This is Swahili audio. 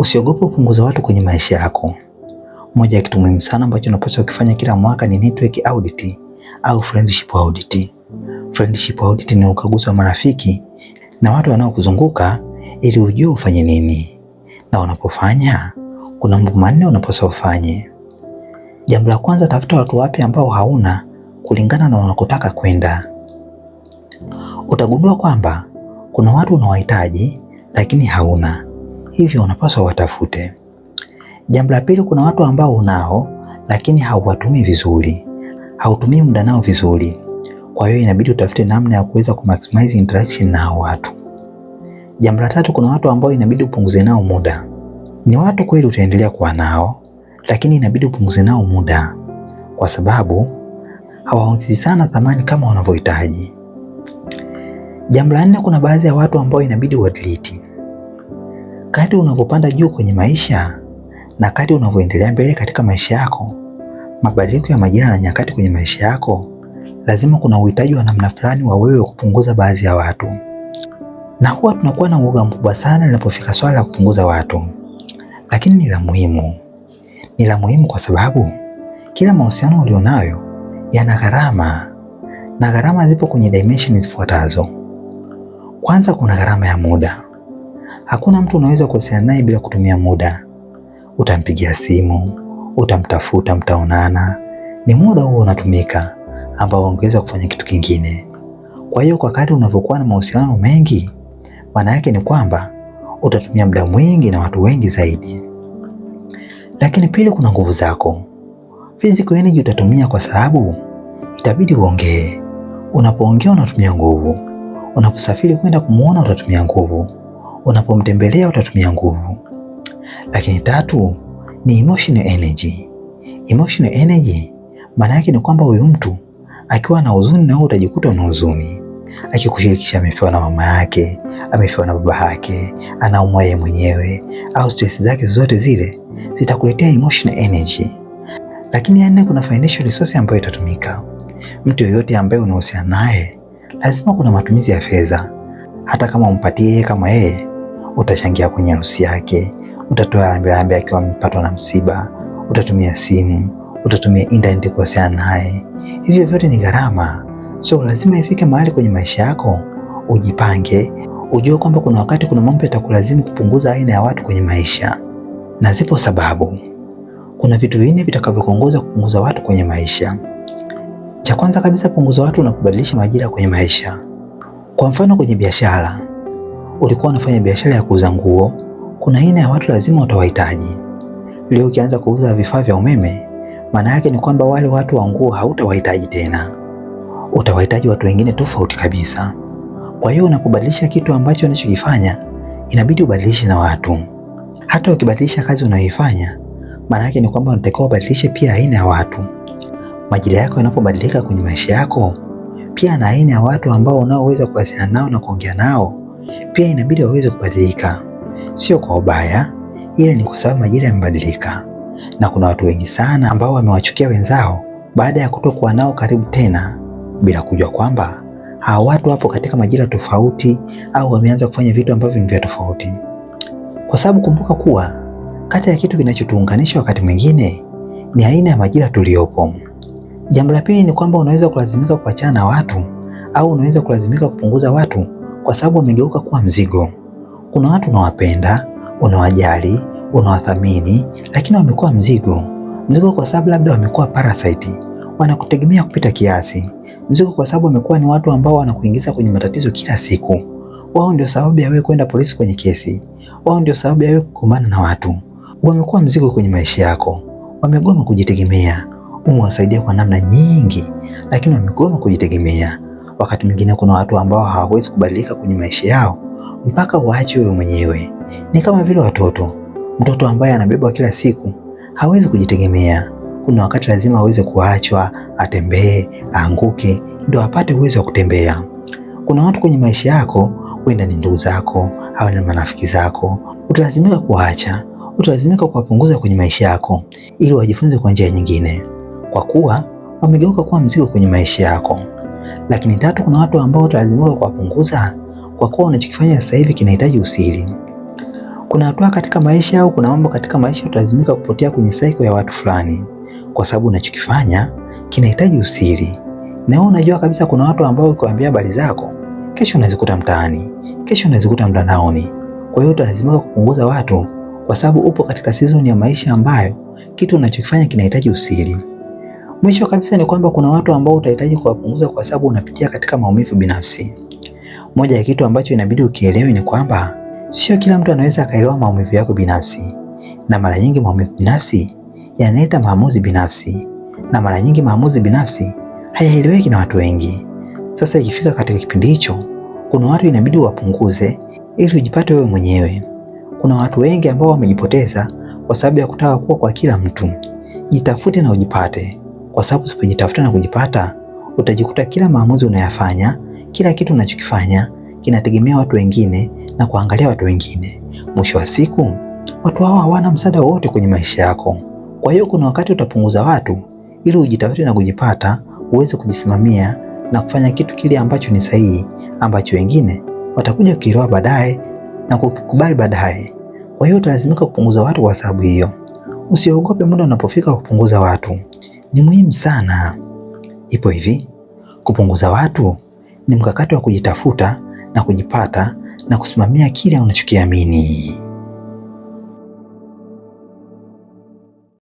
Usiogope kupunguza watu kwenye maisha yako. Moja ya kitu muhimu sana ambacho unapaswa kufanya kila mwaka ni network audit au friendship audit. Friendship audit ni ukaguzi wa marafiki na watu wanaokuzunguka ili ujue ufanye nini, na unapofanya kuna mambo manne unapaswa ufanye. Jambo la kwanza, tafuta watu wapya ambao hauna kulingana na unakotaka kwenda. Utagundua kwamba kuna watu unawahitaji lakini hauna hivyo unapaswa watafute. Jambo la pili, kuna watu ambao unao lakini hauwatumii vizuri, hautumii muda nao vizuri. Kwa hiyo inabidi utafute namna ya kuweza kumaximize interaction na hao watu. Jambo la tatu, kuna watu ambao inabidi upunguze nao muda. Ni watu kweli utaendelea kuwa nao, lakini inabidi upunguze nao muda kwa sababu hawaongezi sana thamani kama wanavyohitaji. Jambo la nne, kuna baadhi ya watu ambao inabidi uwadelete. Kadri unavyopanda juu kwenye maisha na kadri unavyoendelea mbele katika maisha yako, mabadiliko ya majira na nyakati kwenye maisha yako, lazima kuna uhitaji wa namna fulani wa wewe kupunguza baadhi ya watu, na huwa tunakuwa na uoga mkubwa sana linapofika swala la kupunguza watu, lakini ni la muhimu. Ni la muhimu kwa sababu kila mahusiano ulionayo yana gharama, na gharama zipo kwenye dimensions zifuatazo. Kwanza, kuna gharama ya muda Hakuna mtu unaweza kuhusiana naye bila kutumia muda. Utampigia simu, utamtafuta, mtaonana. Ni muda huo unatumika ambao ungeweza kufanya kitu kingine. Kwa hiyo kwa kadri unavyokuwa na mahusiano mengi, maana yake ni kwamba utatumia muda mwingi na watu wengi zaidi. Lakini pili, kuna nguvu zako. Physical energy utatumia kwa sababu itabidi uongee. Unapoongea unatumia nguvu, unaposafiri kwenda kumwona utatumia nguvu Unapomtembelea utatumia nguvu. Lakini tatu ni emotional energy. Emotional energy maana yake ni kwamba huyu mtu akiwa na huzuni na wewe utajikuta na huzuni, akikushirikisha amefiwa na mama yake, amefiwa na baba yake, anaumwa yeye mwenyewe, au stress zake zote zile zitakuletea emotional energy. Lakini yani, kuna financial resource ambayo itatumika. Mtu yoyote ambaye unahusiana naye lazima kuna matumizi ya fedha, hata kama umpatie yeye kama yeye utachangia kwenye harusi yake, utatoa rambirambi akiwa amepatwa na msiba, utatumia simu, utatumia intaneti kuwasiliana naye. Hivyo vyote ni gharama, so lazima ifike mahali kwenye maisha yako ujipange, ujue kwamba kuna wakati, kuna mambo yatakulazimu kupunguza aina ya watu kwenye maisha, na zipo sababu. Kuna vitu vinne vitakavyokuongoza kupunguza watu kwenye maisha. Cha kwanza kabisa, punguza watu na kubadilisha majira kwenye maisha. Kwa mfano, kwenye biashara ulikuwa unafanya biashara ya kuuza nguo, kuna aina ya watu lazima utawahitaji. Leo ukianza kuuza vifaa vya umeme, maana yake ni kwamba wale watu wa nguo hautawahitaji tena, utawahitaji watu wengine tofauti kabisa. Kwa hiyo unapobadilisha kitu ambacho unachokifanya, inabidi ubadilishe na watu. Hata ukibadilisha kazi unayoifanya, maana yake ni kwamba unatakiwa ubadilishe pia aina ya watu. Majira yako yanapobadilika kwenye maisha yako, pia na aina ya watu ambao unaoweza kuwasiliana nao na kuongea nao pia inabidi waweze kubadilika, sio kwa ubaya, ila ni kwa sababu majira yamebadilika, na kuna watu wengi sana ambao wamewachukia wenzao baada ya kutokuwa nao karibu tena, bila kujua kwamba hawa watu wapo katika majira tofauti au wameanza kufanya vitu ambavyo ni vya tofauti, kwa sababu kumbuka kuwa kati ya kitu kinachotuunganisha wakati mwingine ni aina ya majira tuliyopo. Jambo la pili ni kwamba unaweza kulazimika kuachana na watu au unaweza kulazimika kupunguza watu kwa sababu wamegeuka kuwa mzigo. Kuna watu unawapenda, unawajali, unawathamini, lakini wamekuwa mzigo. Mzigo kwa sababu labda wamekuwa parasite, wanakutegemea kupita kiasi. Mzigo kwa sababu wamekuwa ni watu ambao wanakuingiza kwenye matatizo kila siku. Wao ndio sababu ya wewe kwenda polisi kwenye kesi, wao ndio sababu ya wewe kukumbana na watu. Wamekuwa mzigo kwenye maisha yako, wamegoma kujitegemea. Umewasaidia kwa namna nyingi, lakini wamegoma kujitegemea. Wakati mwingine kuna watu ambao hawawezi kubadilika kwenye maisha yao mpaka waache wewe mwenyewe. Ni kama vile watoto. Mtoto ambaye anabebwa kila siku hawezi kujitegemea. Kuna wakati lazima aweze kuachwa, atembee, aanguke, ndio apate uwezo wa kutembea. Kuna watu kwenye maisha yako, huenda ni ndugu zako au ni marafiki zako, utalazimika kuwaacha, utalazimika kuwapunguza kwenye maisha yako ili wajifunze kwa njia nyingine, kwa kuwa wamegeuka kuwa mzigo kwenye maisha yako. Lakini tatu, kuna watu ambao utalazimika kuwapunguza kwa kuwa unachokifanya sasa hivi kinahitaji usiri. Kuna hatua katika maisha au kuna mambo katika maisha utalazimika kupotea kwenye saiko ya watu fulani, kwa sababu unachokifanya kinahitaji usiri. Na wewe unajua kabisa kuna watu ambao ukiwaambia habari zako, kesho unazikuta mtaani, kesho unazikuta mtandaoni. Kwa hiyo utalazimika kupunguza watu, kwa sababu upo katika season ya maisha ambayo kitu unachokifanya kinahitaji usiri. Mwisho kabisa ni kwamba kuna watu ambao utahitaji kuwapunguza kwa sababu unapitia katika maumivu binafsi. Moja ya kitu ambacho inabidi ukielewe ni kwamba sio kila mtu anaweza akaelewa maumivu yako binafsi, na mara nyingi maumivu binafsi yanaleta maamuzi binafsi, na mara nyingi maamuzi binafsi hayaeleweki na watu wengi. Sasa ikifika katika kipindi hicho, kuna watu inabidi wapunguze ili ujipate wewe mwenyewe. Kuna watu wengi ambao wamejipoteza kwa sababu ya kutaka kuwa kwa kila mtu. Jitafute na ujipate kwa sababu usipojitafuta na kujipata, utajikuta kila maamuzi unayafanya, kila kitu unachokifanya kinategemea watu wengine na kuangalia watu wengine. Mwisho wa siku, watu hao hawana msaada wowote kwenye maisha yako. Kwa hiyo kuna wakati utapunguza watu ili ujitafute na kujipata, uweze kujisimamia na kufanya kitu kile ambacho ni sahihi, ambacho wengine watakuja kukielewa baadaye na kukikubali baadaye. Kwa hiyo utalazimika kupunguza watu kwa sababu hiyo. Usiogope muda unapofika kupunguza watu ni muhimu sana. Ipo hivi: kupunguza watu ni mkakati wa kujitafuta na kujipata na kusimamia kile unachokiamini.